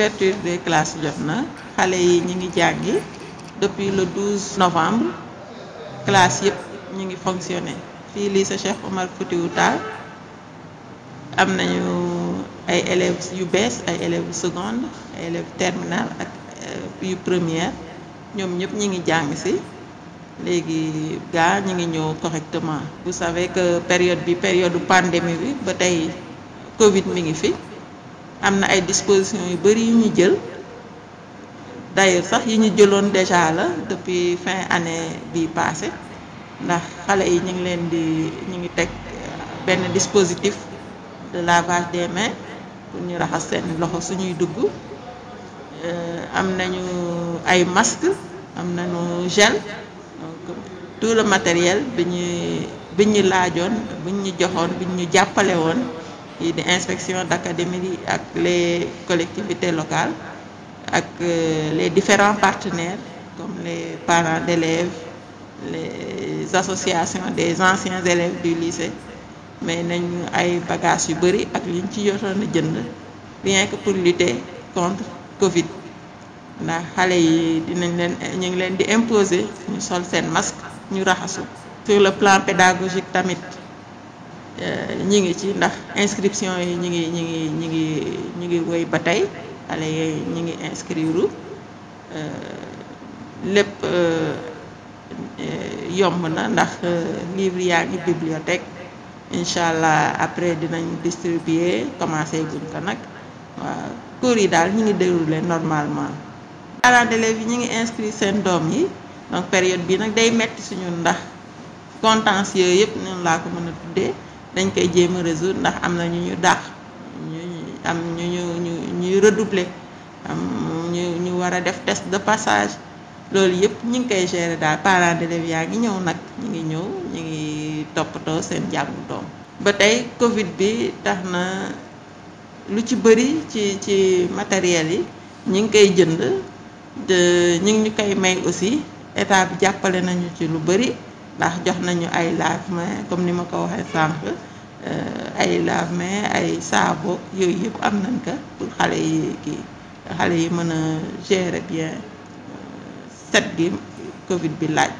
ouverture des classes jot na xale yi ñi ngi jàngi depuis le 12 novembre classe yëpp ñi ngi fonctionner fii lii lycée Cheikh Omar wu Tall am nañu ay élèves yu bees ay élèves seconde ay élèves terminale ak euh, yu première ñoom ñëpp ñi ngi jàng si léegi gaa ñi ngi ñëw correctement bu savez que période bi période pandémie bi ba tey Covid mi ngi fi am na ay dispositions yu bëri yu ñu jël d'ailleurs sax yi ñu jëloon déjà la depuis fin années bi passé ndax xale yi ñu ngi leen di ñu ngi teg euh, benn dispositif de lavage de mains pour ñu raxas seen loxo suñuy dugg euh, am nañu ay masques am nañu gel donc tout le matériel bi ñu bi ñu laajoon bi ñu joxoon bi ñu jàppale woon et d'inspection d'académie avec les collectivités locales avec euh, les différents partenaires comme les parents d'élèves les associations des anciens élèves du lycée mais nous avons bagages yu bari ak rien que pour lutter contre Covid Nous avons imposé dinañ masque sur le plan pédagogique tamit Euh, ñi ngi ci ndax inscription yi ñi ngi ñi ngi ñi ngi ñi ngi woy ba tey xale yooyu ñi ngi inscrire euh, lépp euh, yomb na ndax livre yaa ngi bibliothèque incha allah après dinañ distribuer commencé guñ ko nag waaw cours yi daal ñi ngi déroulé normalement parents d'élèves yi ñi ngi inscrire seen doom yi donc période bi nag day metti suñu ndax contentieux yëpp ñun laa ko mën a tuddee dañ koy jéem a ndax am na ñu ñu dàq ñu am ñu ñu ñu ñuy redoubler am ñu ñu war a def test de passage loolu yëpp ñu ngi koy gérer daal parents d'élèves yaa ngi ñëw nag ñu ngi ñëw ñu ngi toppatoo seen jàngu doom ba tey Covid bi tax na lu ci bëri ci ci matériel yi ñu ngi koy jënd de ñu ngi ñu koy may aussi état bi jàppale nañu ci lu bëri ndax jox nañu ay lave-mains comme ni ma ko waxee sànq Euh, ay lave-mains ay saaboog yooyu yëpp am nañ ka xale yi kii xale yi mën a gérer bien euh, set gi Covid bi laaj